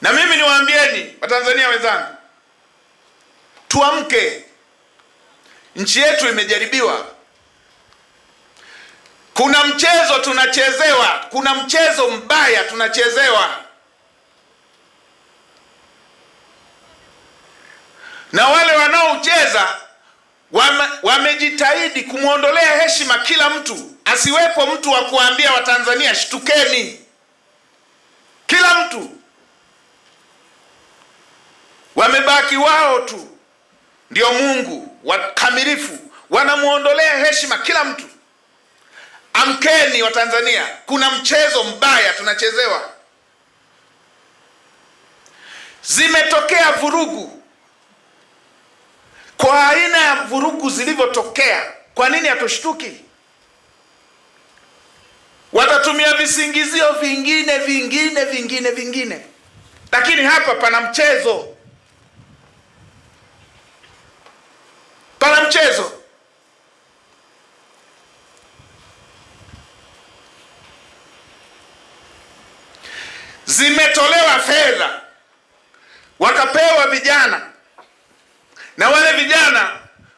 Na mimi niwaambieni Watanzania wenzangu, tuamke. Nchi yetu imejaribiwa. Kuna mchezo tunachezewa, kuna mchezo mbaya tunachezewa, na wale wanaoucheza wame, wamejitahidi kumwondolea heshima kila mtu, asiwepo mtu wa kuambia Watanzania shtukeni, kila mtu Wamebaki wao tu ndio Mungu wakamilifu, wanamwondolea heshima kila mtu. Amkeni wa tanzania kuna mchezo mbaya tunachezewa. Zimetokea vurugu kwa aina ya vurugu zilivyotokea. Kwa nini hatushtuki? Watatumia visingizio vingine vingine vingine vingine, lakini hapa pana mchezo. pana mchezo. Zimetolewa fedha wakapewa vijana, na wale vijana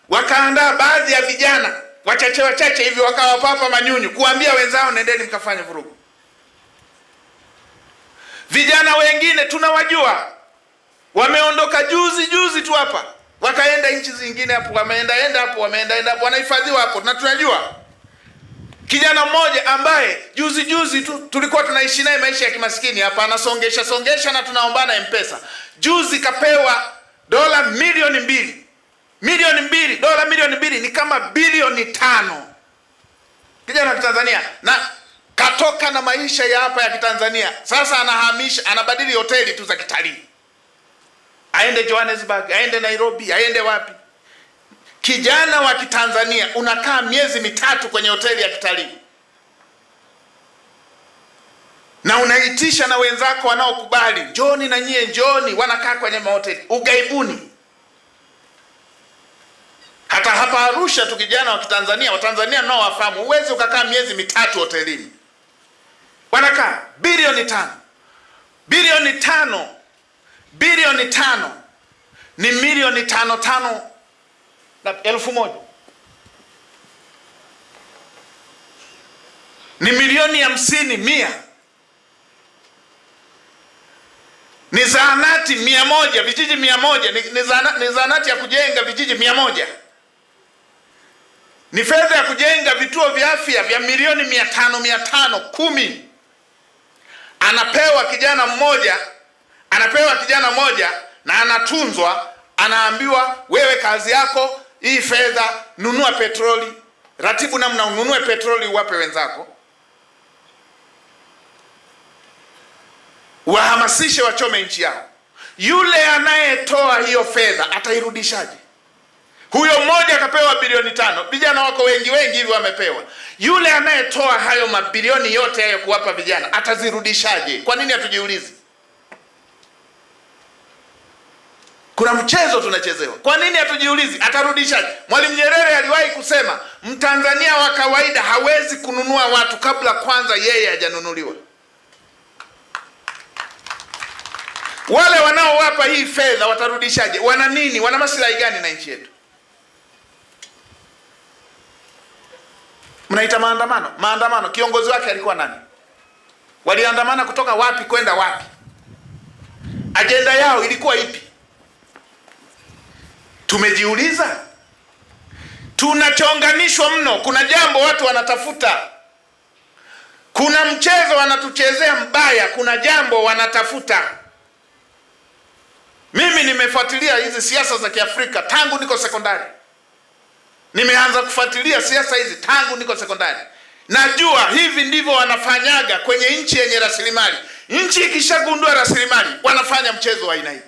wakaandaa baadhi ya vijana wachache wachache hivi wakawapapa manyunyu kuambia wenzao, nendeni mkafanye vurugu. Vijana wengine tunawajua wameondoka juzi juzi tu hapa wakaenda nchi zingine hapo, wameenda enda hapo, wameenda enda hapo, wanahifadhiwa hapo. Na tunajua kijana mmoja ambaye juzi juzi tu tulikuwa tunaishi naye maisha ya kimaskini hapa, anasongesha songesha na tunaombana mpesa. Juzi kapewa dola milioni mbili, milioni mbili, dola milioni mbili ni kama bilioni tano, kijana wa Kitanzania na katoka na maisha ya hapa ya Kitanzania. Sasa anahamisha, anabadili hoteli tu za kitalii aende Johannesburg, aende Nairobi, aende wapi. Kijana wa Kitanzania unakaa miezi mitatu kwenye hoteli ya kitalii na unaitisha na wenzako wanaokubali, njoni na nyie njoni, wanakaa kwenye mahoteli ugaibuni. Hata hapa Arusha tu kijana wa Kitanzania, Watanzania nao wafahamu, huwezi ukakaa miezi mitatu hotelini. Wanakaa bilioni tano, bilioni tano bilioni tano ni milioni tano tano na elfu moja ni milioni hamsini mia ni zahanati mia moja vijiji mia moja ni, ni zahanati ya kujenga vijiji mia moja ni fedha ya kujenga vituo vya afya vya milioni mia tano mia tano kumi anapewa kijana mmoja anapewa kijana moja na anatunzwa, anaambiwa wewe, kazi yako hii fedha, nunua petroli, ratibu namna ununue petroli uwape wenzako, wahamasishe wachome nchi yao. Yule anayetoa hiyo fedha atairudishaje? Huyo mmoja akapewa bilioni tano. Vijana wako wengi wengi hivi wamepewa. Yule anayetoa hayo mabilioni yote hayo kuwapa vijana atazirudishaje? Kwa nini hatujiulizi? Kuna mchezo tunachezewa. Kwa nini hatujiulizi atarudishaje? Mwalimu Nyerere aliwahi kusema mtanzania wa kawaida hawezi kununua watu kabla kwanza yeye hajanunuliwa. Wale wanaowapa hii fedha watarudishaje? Wana nini? Wana masilahi gani na nchi yetu? Mnaita maandamano? Maandamano kiongozi wake alikuwa nani? Waliandamana kutoka wapi kwenda wapi? Ajenda yao ilikuwa ipi? Tumejiuliza, tunachonganishwa mno. Kuna jambo watu wanatafuta, kuna mchezo wanatuchezea mbaya, kuna jambo wanatafuta. Mimi nimefuatilia hizi siasa za Kiafrika tangu niko sekondari, nimeanza kufuatilia siasa hizi tangu niko sekondari. Najua hivi ndivyo wanafanyaga kwenye nchi yenye rasilimali. Nchi ikishagundua rasilimali, wanafanya mchezo wa aina hii.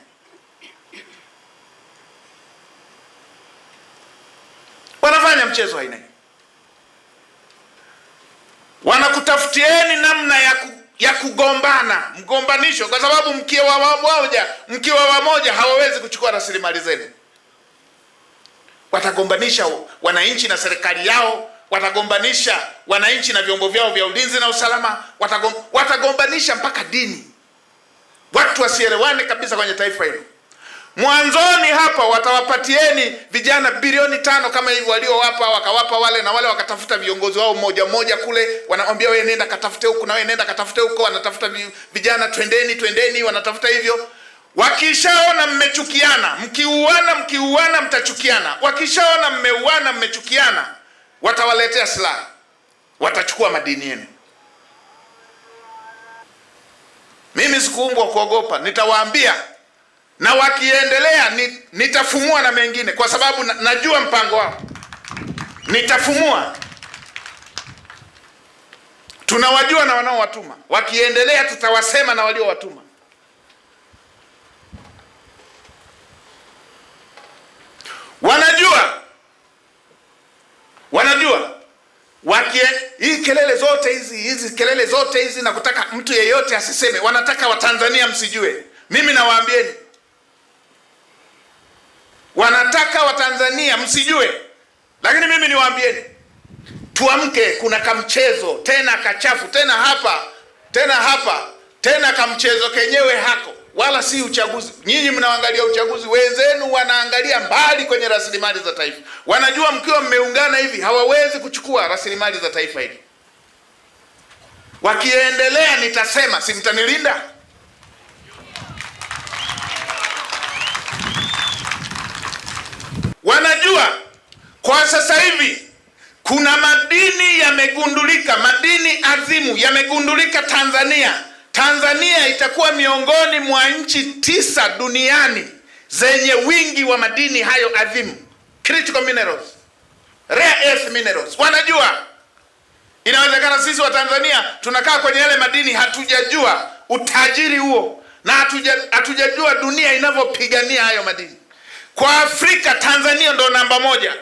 wanafanya mchezo aina hii wanakutafutieni namna ya, ku, ya kugombana mgombanisho, kwa sababu mkiwa wamoja mkiwa wamoja hawawezi kuchukua rasilimali zenu. Watagombanisha wananchi na serikali yao, watagombanisha wananchi na vyombo vyao vya ulinzi na usalama, watagom, watagombanisha mpaka dini, watu wasielewane kabisa kwenye taifa hilo. Mwanzoni hapa watawapatieni vijana bilioni tano kama hivi waliowapa, wakawapa wale na wale, wakatafuta viongozi wao moja moja kule, wanawambia wewe nenda katafute huku na wewe nenda katafute huko, wanatafuta vijana, twendeni twendeni, wanatafuta hivyo. Wakishaona mmechukiana, mkiuana, mkiuana mtachukiana. Wakishaona mmeuana, mmechukiana, watawaletea silaha, watachukua madini yenu. Mimi sikuumbwa kuogopa, nitawaambia na wakiendelea ni, nitafumua na mengine kwa sababu na, najua mpango wao, nitafumua. Tunawajua na wanaowatuma, wakiendelea tutawasema na waliowatuma. Wanajua, wanajua wakie hii kelele zote hizi hizi kelele zote hizi na kutaka mtu yeyote asiseme, wanataka Watanzania msijue. Mimi nawaambieni wanataka Watanzania msijue, lakini mimi niwaambieni, tuamke. Kuna kamchezo tena kachafu tena hapa tena hapa tena kamchezo kenyewe hako, wala si uchaguzi. Nyinyi mnaangalia uchaguzi, wenzenu wanaangalia mbali kwenye rasilimali za taifa. Wanajua mkiwa mmeungana hivi hawawezi kuchukua rasilimali za taifa hili. Wakiendelea nitasema, si mtanilinda? Kwa sasa hivi kuna madini yamegundulika, madini adhimu yamegundulika Tanzania. Tanzania itakuwa miongoni mwa nchi tisa duniani zenye wingi wa madini hayo adhimu, critical minerals, rare earth minerals. Wanajua inawezekana sisi wa Tanzania tunakaa kwenye yale madini, hatujajua utajiri huo na hatuja, hatujajua dunia inavyopigania hayo madini. Kwa Afrika Tanzania ndo namba moja.